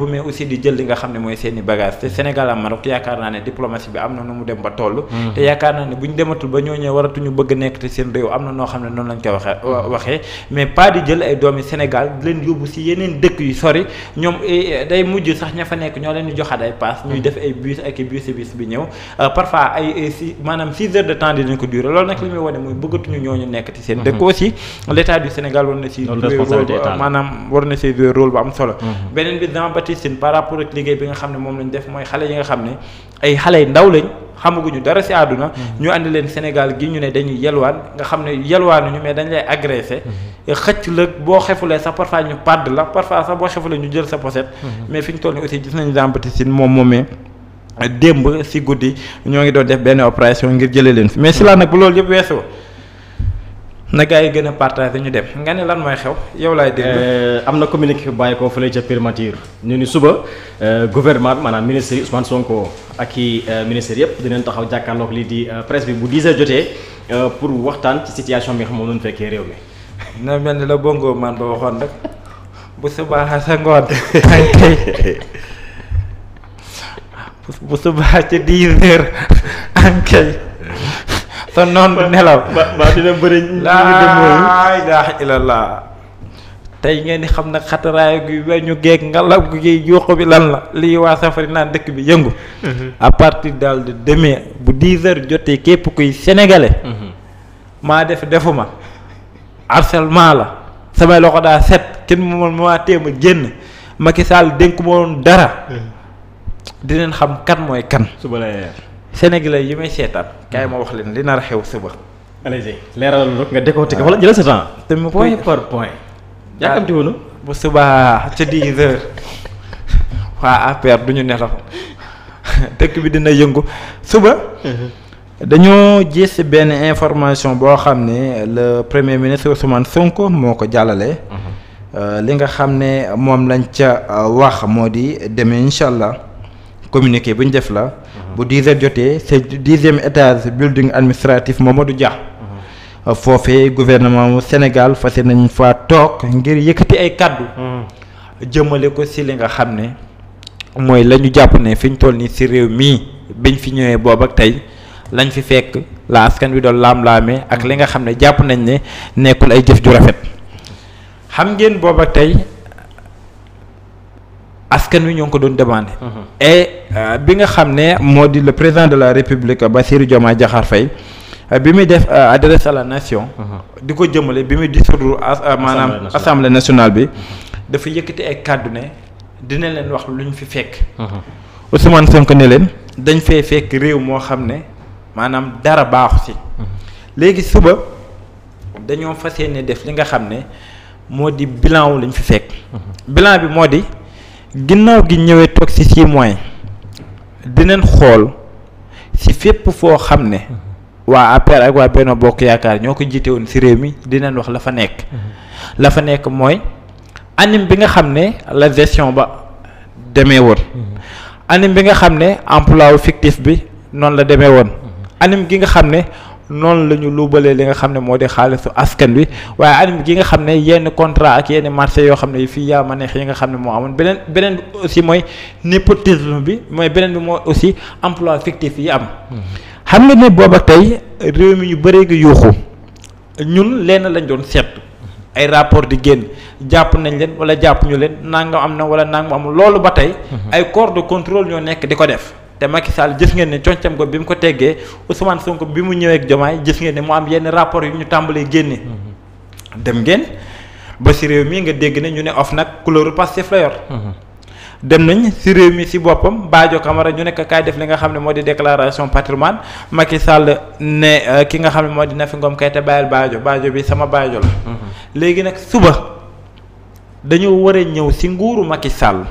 bu mais aussi di jël li nga xam ne mooy seeni bagage te Sénégal am Maroc yaakaar naa ne diplomatie bi am na nu mu dem ba toll mhm. te yaakaar naa ne bu ñu dematul ba ñoo ñëwee waratuñu bëgg nekk seen réew am na noo xam ne noonu lañ koy waxe waxee mais pas di jël ay doomi Sénégal leen yóbbu si yeneen dëkk yu sori ñoom eh, eh, day mujj sax ña fa nekk ñoo leen di joxaat ay paas ñuy mhm. def ay bus ak i bus bi ñëw euh, parfois ay si maanaam six heures de temps dinañ ko li muy wane mooy bëggatuñu ñooñu nekk ci seen mhm. dëkk aussi l'état du Sénégal war na si maanaam war na solo traumatisme par rapport liggéey bi nga xam ne moom lañ def mooy xale yi nga xam ne ay xale ndaw lañ xamaguñu dara ci àdduna mm-hmm. ñu andi leen Sénégal gi ñu ne dañuy yelwaan nga xam ne yelwaanuñu mais dañ lay agressé mm-hmm. xëcc la boo xefulee sax parfois ñu padd la parfois sax boo xefulee ñu jël sa poset mm-hmm. mais fi ñu toll nii aussi gis nañu Jean-Baptiste moom moomee démb ci guddi ñoo ngi doon def benn opération ngir jëlee leen mais si nag bu loolu yëpp weesoo na yi gën a partagé ñu dem nga ne lan mooy xew yow laay déglu. Euh, am na communiqué bàyyi ko fële ca primature ñu ni suba euh, gouvernement maanaam ministre yi Sonko ak i euh, ministère yëpp dinañ taxaw jàkkaarloog lii di presse bi bu 10 heures jotee pour waxtaan ci situation bi nga xam moom la fekkee réew mi. na mel ni la bongo man ba waxoon rek bu subaa sa ngoon bu subaa ca 10 ankay sa noon bu nelaw. ba dina bëri ñu laa tey ngeen di xam nag xataraayu gi weñu geeg ngelaw gi yuux bi lan la lii waa safari naan dëkk bi yëngu. Mhm. à partir daal de bu 10 heures jotee képp kuy sénégalais. Mhm. maa def defuma harcèlement la samay loxo daa set kenn mu ma ma téem a génn Macky Sall dénk ma woon dara. Mhm. dinañ xam kan mooy kan. suba Sénégalais yi may seetaan kaay ma wax leen li nar a xew suba. allez leeralal lu nga décorté ko wala jëlal sa temps. te point par point. yàkkamti woonu ah, bu subaa ca dix heures waa APR du ñu nelaw dëkk bi dina yëngu suba. Mhm. dañoo gis benn information boo xam ne la premier ministre Ousmane Sonko moo ko jàllale. Mhm. Euh, li nga xam ne moom lañ ca euh, wax moo di demee incha allah communiqué bu ñu def la. bu 10 heures jotee c'est dixième étage building administratif Mamadou Dia. Mhm. foofee gouvernement mu fa fas nañ fa toog ngir yëkkati ay kàddu. Mhm. jëmale ko si li nga xam ne mooy la ñu jàpp ne fi ñu toll nii si réew mii biñ fi ñëwee boobu ak tey lañ fi fekk la askan wi doon laam laame ak mhm. li nga xam ne jàpp nañ ne nekkul ay jëf ju rafet xam ngeen boobu ak tey. askan wi ñoo ko doon demandé. Mhm. Euh, bi nga xam ne moo di le président de la république Bassirou Diomaye Diakhar fay euh, bi muy def euh, adresse à la nation. Mhm. di ko jëmale bi muy dissoudre maanaam assemblée nationale bi. Mhm. dafa yëkkati ay kàddu ne dina leen wax lu ñu fi fekk. Ousmane Sonko ne leen dañ fee fekk réew moo xam ne maanaam dara baaxu si. léegi suba dañoo fas yéene def li nga xam ne moo di bilan wu lañ fi fekk. bilan bi moo di. ginnaaw gi ñëwee toog ci six mois dinañ xool ci fépp foo xam ne waa APR ak waa Benno Bokk Yaakaar ñoo ko jiite woon ci réew mi dinañ wax la fa nekk la fa nekk mooy anime bi nga xam ne la gestion ba demee woon anime bi nga xam ne emploi fictif bi noonu la demee woon anime gi nga xam ne noonu la ñu luubalee li nga xam ne moo di xaalisu askan wi waaye anam gi nga xam ne yenn contrat ak yenn marché yoo xam ne fii yaa ma neex yi nga xam ne moo amoon beneen beneen bi aussi mooy népotisme bi mooy beneen bi mooy aussi emploi fictif yi am. Mm-hmm. xam nga ne booba tey réew mi ñu bëree ngi yuuxu ñun lenn lañ doon seet ay rapport di génn jàpp nañ leen wala jàpp ñu leen nangam am na wala nangam amul loolu ba tey. Mm-hmm. ay corps de contrôle ñoo nekk di ko def. te Macky Sall gis ngeen ne concam ko bi mu ko teggee Ousmane Sonko bi mu ñëwee ak Diomaye gis ngeen ne mu am yenn rapport yu ñu tàmbalee génne. dem ngeen ba si réew mi nga dégg ne ñu ne of nag couleur Pastef la yor. dem nañ si réew mi si boppam baajo Camara ñu nekk kaay def li nga xam ne moo di déclaration patrimoine Macky Sall ne euh, ki nga xam ne moo di Nafi Ngom Keïta bàyyil baajo Badio bi sama baajo la. léegi nag suba dañoo war a ñëw si nguuru Macky Sall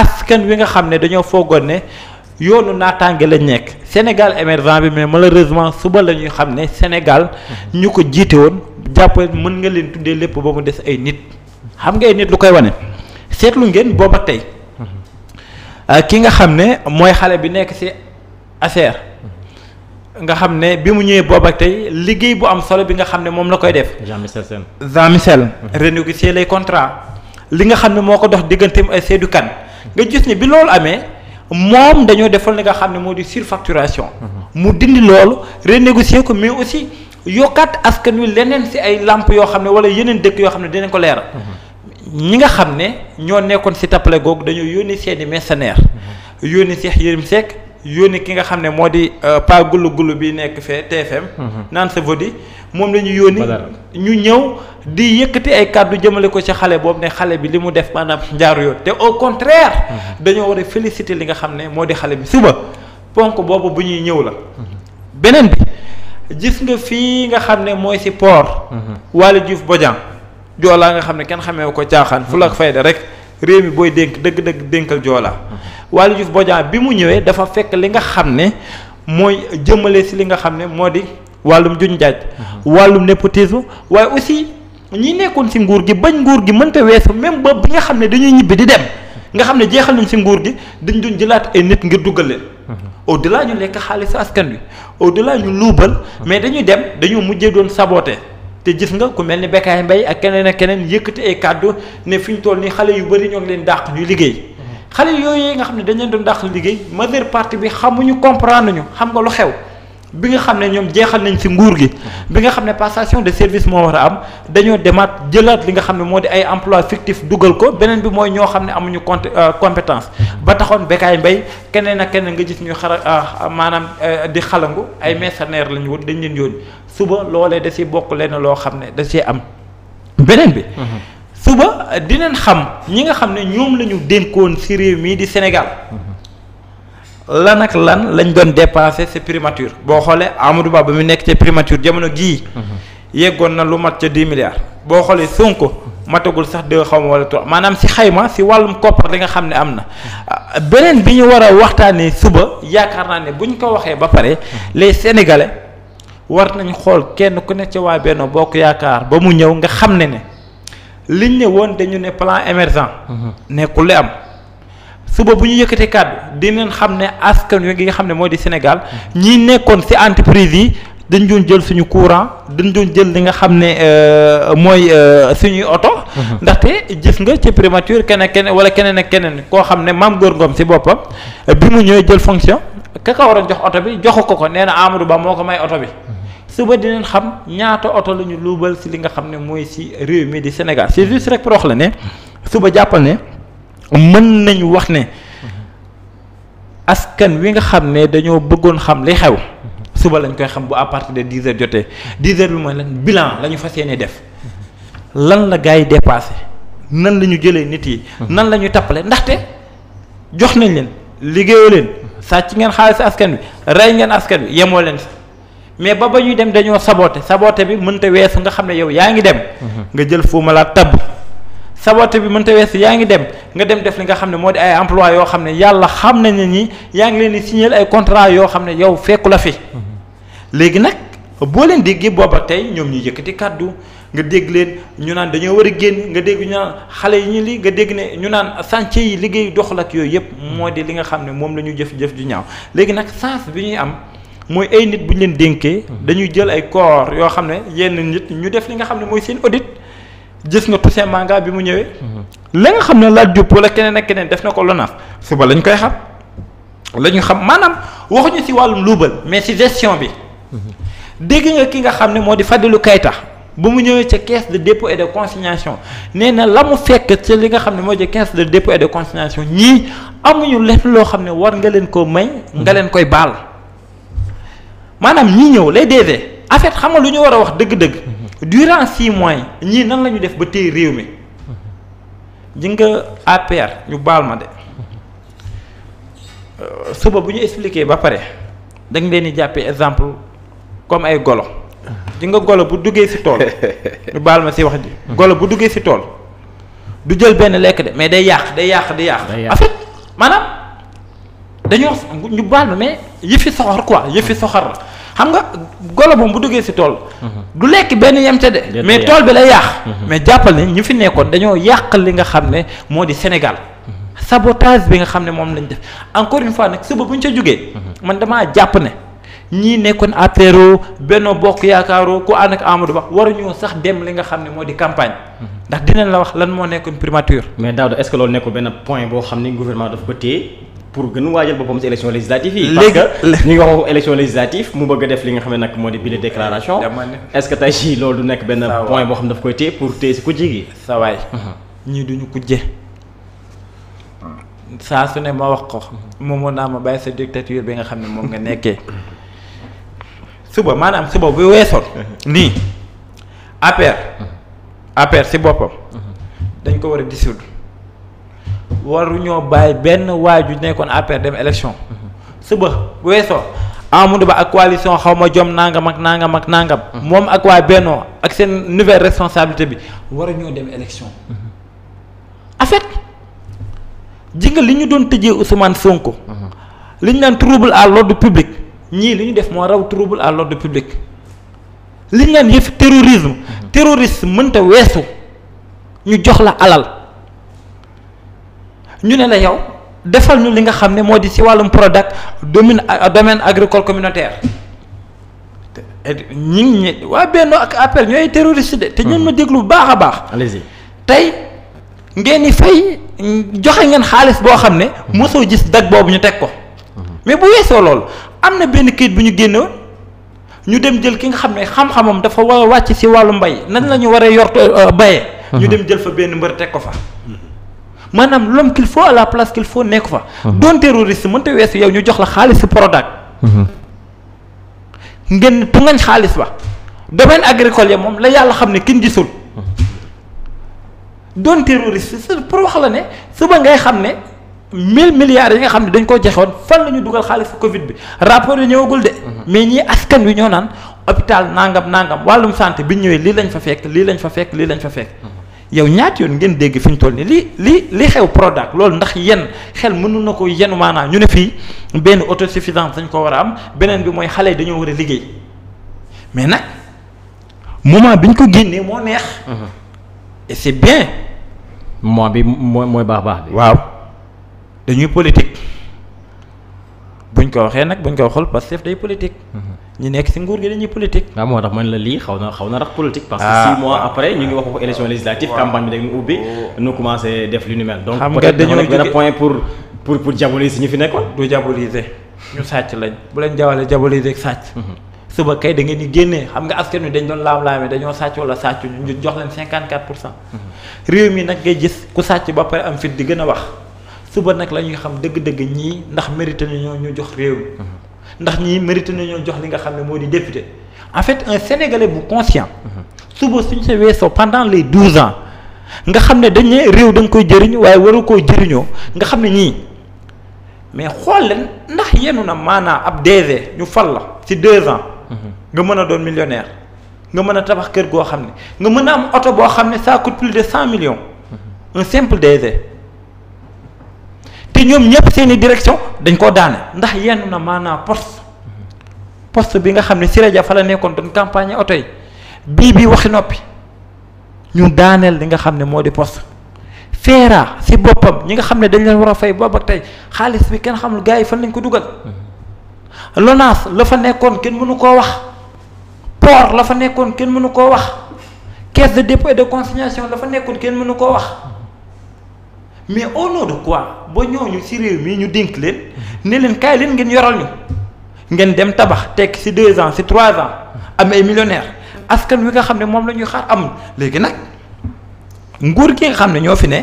askan wi nga xam ne dañoo foogoon ne yoonu naataange lañ nekk Sénégal émergent bi mais malheureusement suba la ñuy xam ne Sénégal ñu ko jiite woon jàpp mën nga leen tuddee lépp ba mu des ay nit xam nga ay nit lu koy wane seetlu ngeen booba tey euh, ki nga xam ne mooy xale bi nekk ci ASER nga xam ne bi mu ñëwee booba tey liggéey bu am solo bi nga xam ne moom la koy def. Jean Michel Sène Jean Michel renégocier les contrats li nga xam ne moo ko dox digganteem ay Seydou Kane nga gis ni bi loolu amee moom dañoo defal li nga xam ne moo di surfacturation. Mm-hmm. mu dindi loolu renégocier ko mais aussi yokkaat askan wi leneen si ay làmp yoo xam ne wala yeneen dëkk yoo xam ne dinañ ko leeral. Mm-hmm. ñi nga xam ne ñoo nekkoon si tappale googu dañoo yónni seeni mercenaires. Mm-hmm. yónni Cheikh Yérim Seck yónni ki nga xam ne moo di euh, Pa Gulu Gulu bi nekk fee TFM. naan sa vodi moom la ñu yónni ñu ñëw di yëkkati ay kàddu jëmale ko ci xale boobu ne xale bi li mu def maanaam njaaru yoon te au contraire mhm. dañoo war a féliciter li nga xam ne moo di xale bi suba ponk boobu bu ñuy ñëw la mhm. beneen bi gis nga fii nga xam ne mooy si port mhm. Waly Diouf Bodian joolaa nga xam ne kenn xamee ko caaxaan fu la fayda rek réew mi booy dénk dëgg dëgg dénkal joolaa Waly Diouf Bodian bi mu ñëwee dafa fekk li nga xam ne mooy jëmale si li nga xam ne moo di wàllum juñ jaaj wàllum népotisme waaye aussi ñi nekkoon ci nguur gi bañ nguur gi mënta weesu même ba bi nga xam ne dañuy ñibbi di dem nga xam ne jeexal nañ ci nguur gi dañu doon jëlaat ay nit ngir duggal leen au delà ñu lekk xaalis askan wi au delà ñu luubal mais dañuy dem dañoo mujjee doon saboote te gis nga ku mel ni Bécaye Mbaye ak keneen ak keneen yëkkati ay kàddu ne fi ñu toll nii xale yu bëri ñoo ngi leen dàq ñuy liggéey xale yooyu nga xam ne dañ leen doon dàq liggéey majeure partie bi xamuñu comprendre ñu xam nga lu xew bi nga xam ne ñoom jeexal nañ ci nguur gi bi nga xam ne passation de service moo war a am dañoo demaat jëlaat li nga xam ne moo di ay emploi fictif dugal ko beneen bi mooy ñoo xam ne amuñu compte euh, compétence ba taxoon Bécaye Mbaye keneen a keneen nga gis ñu xara euh, maanaam euh, di xalangu ay mercenaires lañu wut dañ leen yoon suba loolee da ciy bokk lenn loo xam ne da ciy am beneen bi mm-hmm. suba dinañ xam ñi nga xam ne ñoom la ñu dénkoon ci réew mii di Sénégal mm-hmm. lan ak lan lañ doon dépassé c'est primature boo xoolee Amadou Ba mu nekk ca primature jamono gii. Mhm. yeggoon na lu mat ca dix milliards boo xoolee Sonko matagul sax deux xaw ma wala trois maanaam si xayma si wàllum koppar li nga xam ne am na ah, beneen bi ñu war a waxtaanee suba yaakaar naa ne bu ñu ko waxee ba pare mhm. les sénégalais war nañ xool kenn ku ne ca waa Benno Bokk Yaakaar ba mu ñëw nga xam ne ne liñ ne woon dañu ne plan émergent mhm. nekkul li am. suba bu ñu yëkkatee kàddu dinañ xam ne askan wi nga xam ne moo di Sénégal ñi nekkoon ci entreprise yi dañ doon jël suñu courant dañ doon jël li nga xam ne euh, mooy euh, suñuy oto. Mhm. ndaxte gis nga ci primature keneen keneen wala keneen ak keneen koo xam ne maam góor ngoom ci boppam bi mu ñëwee jël fonction ka ka waroon jox oto bi joxu ko ko nee na Amadou Ba moo ko may oto bi. Mhm. suba dinañ xam ñaata oto la ñu luubal ci li nga xam ne mooy ci réew mi di Sénégal c'est juste la ne suba jàppal mën nañu wax ne askan wi nga xam ne dañoo bëggoon xam li xew suba lañ koy xam bu à partir de dix heures jotee dix heures bi mooy lan bilan la ñu fas yéene def lan la gars yi de dépassé nan la ñu jëlee nit yi. nan la ñu tappale ndaxte jox nañ leen liggéeyoo leen sàcc ngeen xaalis askan wi rey ngeen askan wi yemoo leen mais ba ba ñuy dem dañoo saboté saboté bi mënta weesu nga xam ne yow yaa ngi dem. Mm-hmm. nga jël fuumalaat tabb saboté bi mënta weesu yaa ngi dem. nga dem def li nga xam ne moo di ay emploi yoo xam ne yàlla xam nañ ne ñi yaa ngi leen di signer ay contrat yoo xam ne yow fekku la fi léegi nag boo leen déggee booba tey ñoom ñu yëkkati kàddu nga dégg leen ñu naan dañoo war a génn nga dégg ñu naan xale yi ñu li nga dégg ne ñu naan chantier yi liggéey doxal ak yooyu yëpp moo di li nga xam ne moom la ñu jëf-jëf ju ñaaw léegi nag sance bi ñuy am mooy ay nit bu ñu leen dénkee dañuy jël ay corps yoo xam ne yenn nit ñu def li nga xam ne mooy seen audit gis nga Toussaint Manga bi mu ñëwee. la nga xam ne laa Diop wala keneen ak keneen def na ko Lonase suba lañ koy xam la ñu xam maanaam waxuñu ci wàllum luubal mais ci gestion bi. dégg nga ki nga xam ne moo di Fadilou tax bu mu ñëwee ca caisse de dépôt et de consignation nee na la mu fekk ci li nga xam ne moo di caisse de dépôt et de consignation ñii amuñu lépp loo xam ne war nga leen koo may. nga leen koy baal maanaam ñii ñëw lay déedee. en xam nga lu ñu war a wax dëgg-dëgg. Mhm. durant six mois ñii nan la ñu def ba tey réew mi. Mhm. ji nga APR ñu baal ma de mhm. euh, suba bu ñu expliquer ba pare dañ leen di jàppee exemple comme ay golo ji nga golo bu duggee ci tool ñu baal ma ci wax ji golo bu duggee ci tool du jël benn lekk de mais day yàq day yàq di yàq en fait maanaam dañu wax ñu baal ma mais yëfi soxor quoi yëfi soxor la xam nga golo moom bu duggee si tool. Mhm. du lekk benn yem ca de. mais tool bi lay yàq. Mhm. mais jàppal ne ñu fi nekkoon dañoo yàq li nga xam ne moo di Sénégal. Mhm. sabotage bi nga xam ne moom lañ def encore une fois nag suba bu ñu ca jógee. man damaa jàpp ne ñii nekkoon apéro Benno Bokk Yaakaaroo ku ànd ak Amadou Ba waruñoo sax dem li nga xam ne moo di campagne. ndax dinañ la wax lan moo nekkoon primature. mais Daouda est-ce que loolu nekkul benn point boo xam ni gouvernement daf ko téye pour gën waajal boppam si élection législative yi. parce que def li nga xam ne nag moo di bile déclaration. est-ce que tey jii loolu du nekk benn point boo xam ne daf koy téye pour téye si ku jigi sa waay mhm. ñii duñu ko je saa su ne ma wax ko moom moo naa ma bàyyi sa dictature bi nga xam ne moom nga nekkee suba maanaam suba bu weesoon mhm. nii APR mhm. APR si boppam dañ ko war a dissoudre waruñoo bàyyi benn waay ju nekkoon APR dem élection suba bu weesoo Amadou Ba ak coalition xaw ma jom nangam ak nangam ak nangam. Mm-hmm. moom ak waa Bennoo ak seen nouvelle responsabilité bi waruñoo dem élection. Mm-hmm. en fait ji nga li ñu doon tëjee Ousmane Sonko. Mm-hmm. li ñu naan trouble à l'ordre public ñii li ñu def moo raw trouble à l'ordre public. li ñu naan yëf terrorisme. terroriste mënta weesu ñu jox la alal. ñu ne la yow defal ñu li nga xam ne moo di si wàllum product domaine domaine agricole communautaire ñi ngi waa Benno ak APR ñooy terroriste de. te ñun mhm. ma déglu bu baax a baax. allez tey ngeen di fay joxe ngeen xaalis boo xam ne. mosoo gis dag boobu ñu teg ko. Mhm. mais bu weesoo loolu am na benn kayit bu ñu génnoon ñu dem jël ki nga xam ne xam-xamam dafa war a wàcc si wàllu mbay nan la ñu war a yor euh, bayee. Mhm. ñu dem jël fa benn mbër teg ko fa. maanaam l'homme qu'il faut à la place qu'il faut nekk fa. Mhm. doon terroriste mënta weesu yow ñu jox la xaalis si Prodac. Mhm. ngeen tungañ xaalis ba domaine agricole ya moom la yàlla xam ne kin gisul. Mhm. doon terroriste c'est pour wax la ne suba ngay xam ne mille milliards yi nga xam ne dañ ko joxewoon fan la ñu dugal xaalis Covid bi rapport yi ñëwagul de. mais ñii askan wi ñoo naan hôpital nangam nangam wàllum santé bi ñu ñëwee lii lañ fa fekk lii lañ fa fekk lii lañ fa fekk. yow ñaati yoon ngeen dégg fi ñu toll nii li li li xew Prodac loolu ndax yenn xel mënu na ko yenn maanaam ñu ne fii benn autosuffisance dañ ko war a am beneen bi mooy xale yi dañoo war a liggéey mais nag moment bi ñu ko génnee moo neex. Mhm. et c'est bien. moment bi mooy mooy baax baax bi. waaw dañuy politique. buñ ko waxee nag buñ ko waxul Pastef day politique. Mhm. ñi nekk ci nguur gi dañuy politique. waaw moo tax man la lii xaw na xaw na rax politique. parce que ah. six après ñu ngi wax ko élection législative campagne bi dañu ubbi. Oh. ñu commencé def lu ni mel. donc peut-être dañoo benn pour pour pour diaboliser ñi fi nekkoon. du diaboliser bu leen jawalee diaboliser sàcc. Mhm. suba kay da ngeen di génnee xam nga askan wi dañ doon dañoo sàcc wala sàcc ñu jox leen 54 pour cent. Mhm. réew mi nag ngay gis ku sàcc ba pare am fit di gën a wax. suba nag la ñuy xam dëgg-dëgg ñii ndax mérité nañoo ñu jox réew mi mhm. ndax ñii mérité ñoo jox li nga xam ne moo di député en fait un sénégalais bu conscient mhm. suba suñ sa weesoo pendant les douze ans nga xam ne dañu réew da koy jëriñ waaye waroo koy jëriñoo nga xam ne ñii mais xool leen ndax yenu na maanaa ab DG ñu fal la ci deux ans mhm. nga mën a doon millionnaire nga mën a tabax kër goo xam ne nga mën a am oto boo xam ne ça coûte plus de cent millions te ñoom ñëpp seen i direction dañ koo daane ndax yenn na maanaa poste poste bi nga xam ne Siré Dia fa la nekkoon doon campagne oto yi bii bii waxi noppi ñu daaneel li nga xam ne moo di post feera si boppam ñi nga xam ne dañ leen war a fay boobu ak tey xaalis bi kenn xamul gars yi fan lañ ko dugal LONASE la fa nekkoon kenn mënu koo wax port la fa nekkoon kenn mënu koo wax caisse de dépôt et de consignation la fa nekkoon kenn mënu koo wax mais au nom de quoi ba ñooñu ci réew mi ñu dénk leen ne leen kaay leen ngeen yoral ñu ngeen dem tabax tekk ci deux ans ci trois ans am ay millionnaires askan wi nga xam ne moom la ñuy xaar amul léegi nag nguur gi nga xam ne ñoo fi ne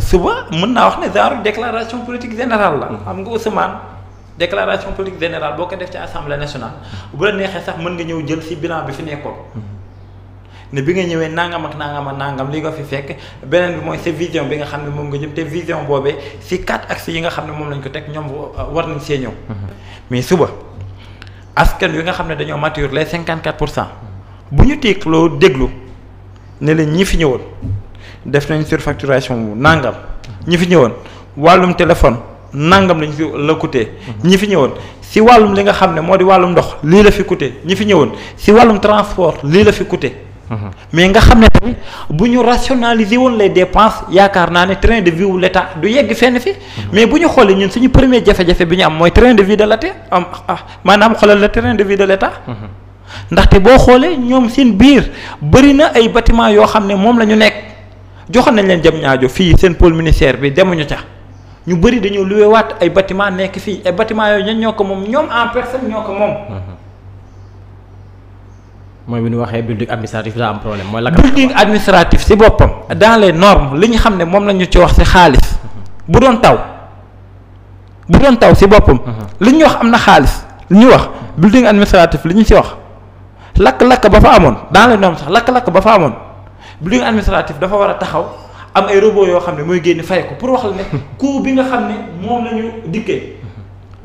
suba mën naa wax ne genre déclaration politique générale la xam nga Ousmane déclaration politique générale boo ko def ci assemblée nationale bu la neexee sax mën nga ñëw jël ci bilan bi fi nekkoon ne bi nga ñëwee nangam ak nangam ak nàngam li nga fi fekk beneen bi mooy sa vision bi nga xam ne moom nga jëm te vision boobee si quatre axes yi nga xam ne moom lañ ko teg ñoom war nañ see ñëw. Mhm. mais suba askan wi nga xam ne dañoo mature les cinquante quatre pour cent bu ñu teekloo déglu ne la ñi fi ñëwoon def nañ surfacturation bu nangam mhm. ñi fi ñëwoon wàllum téléphone. nangam lañ fi la mhm. ñi fi ñëwoon si wàllum li nga xam ne moo di wàllum ndox lii la fi coûté ñi fi ñëwoon si wàllum transport lii la fi coûté mais nga xam ne tamit bu ñu rationaliser woon les dépenses yaakaar naa ne train de vie wu l'état du yegg fenn fi. mais bu ñu xoolee ñun suñu premier jafe-jafe bi ñu am mooy train de vie de l'état am ah maanaam xoolal la train de vie de l'état. ndaxte boo xoolee ñoom seen biir bëri na ay bâtiment yoo xam ne moom la ñu nekk joxoon nañ leen jëm ñaajo fii seen pôle ministère bi demuñu ca ñu bëri dañoo luwewaat ay batiment nekk fii ay bâtiment yooyu ñoo ko moom ñoom en personne ñoo ko moom. mooy bu ñu waxee building administratif daa am problème mooy. lakk building administratif si boppam. dans les normes li ñu xam ne moom la ñu ci wax si xaalis. bu doon taw bu doon taw si boppam. Mhm. li ñu wax am na xaalis li ñu wax building administratif li ñu si wax lakk-lakk ba fa amoon dans les normes sax lakk-lakk ba fa amoon building administratif dafa war a taxaw. am ay robot yoo xam ne mooy génn fay ko pour wax la ne xam ne moom la dikkee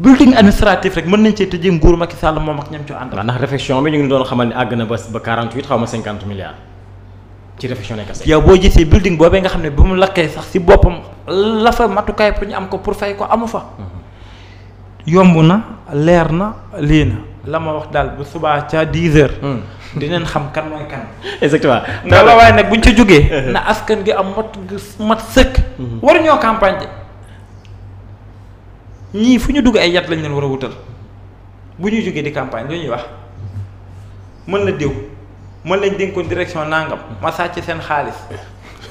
building administratif rek mën nañ cee tëjee nguur Macky Sall moom ak ñam ci ànd. waaw ndax réfection bi ñu ngi doon xamal ne àgg na ba xaw ma 50 milliards ci réfection ne kese. yow boo gisee building boobee nga xam ne bu mu lakkee sax si boppam la fa matukaay pour ñu am ko pour fay ko amu fa. Mhm. yomb na leer na lii na. la ma wax daal bu subaa ca 10 di neen xam kan mooy kan. exactement ndax waaye bu buñ ca jógee. na askan gi am mat mat sëkk. Mhm. waruñoo ñii fu ñu dugg ay yat lañ leen war a wutal bu ñuy jógee di campagne lu ñuy wax mën la diw mën lañ dénkoon direction nangam ma sàcc seen xaalis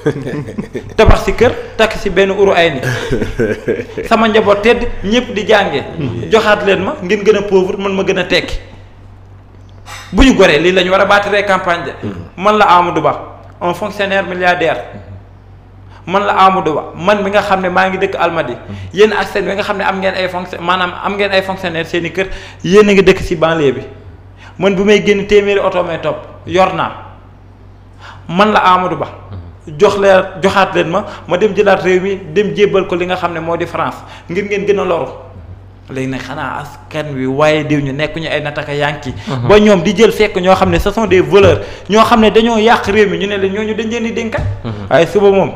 tabax si kër takk si benn uru ay ni sama njaboot tedd ñëpp di jànge joxaat leen ma ngeen gën a pauvre mën ma gën a tekki bu ñu goree lii lañu war a baatiree campagne de mm. man la Amadou Ba un fonctionnaire milliardaire man la Amadou Ba man mi nga xam ne maa ngi dëkk Almadi yéen ak seen bi nga xam ne am ngeen ay fonction maanaam am ngeen ay fonctionnaire seeni kër yéen a ngi dëkk si banle bi man bu may génn téeméeri oto may topp yor naa man la Amadou Ba jox leen joxaat leen ma ma dem jëlaat réew mi dem jébbal ko li nga xam ne moo di France ngir ngeen gën a loru léegi nag xanaa askan wi waaye diw ñu nekk ñu ay nataka yanki uh-huh. ba ñoom di jël fekk ñoo xam ne ce sont des voleurs ñoo xam ne dañoo yàq réew mi ñu ne leen ñooñu dañ leen di dénkat uh-huh. waaye suba moom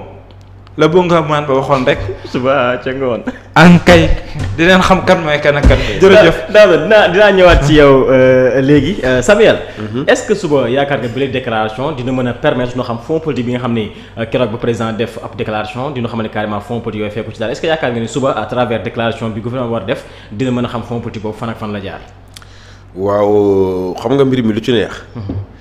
la bungamaan ba waxoon rek. suba ca ngoon. an kay dinañ xam kan mooy kan ak kan. jërëjëf daal dinaa dinaa ñëwaat ci yow euh, léegi euh, Samuel. Mhm. est-ce que suba yaakaar nga bile déclaration dina mën a permettre ñu xam fonds politique bi nga xam ni euh, keroog ba président def ab déclaration dina xam ne carrément fonds politique yooyu fekku ci daal est-ce que yaakaar nga ni suba à travers déclaration bi gouvernement war def dina mën a xam fonds politique boobu fan ak fan la jaar. waaw xam nga mbir mi lu ci neex. Mhm.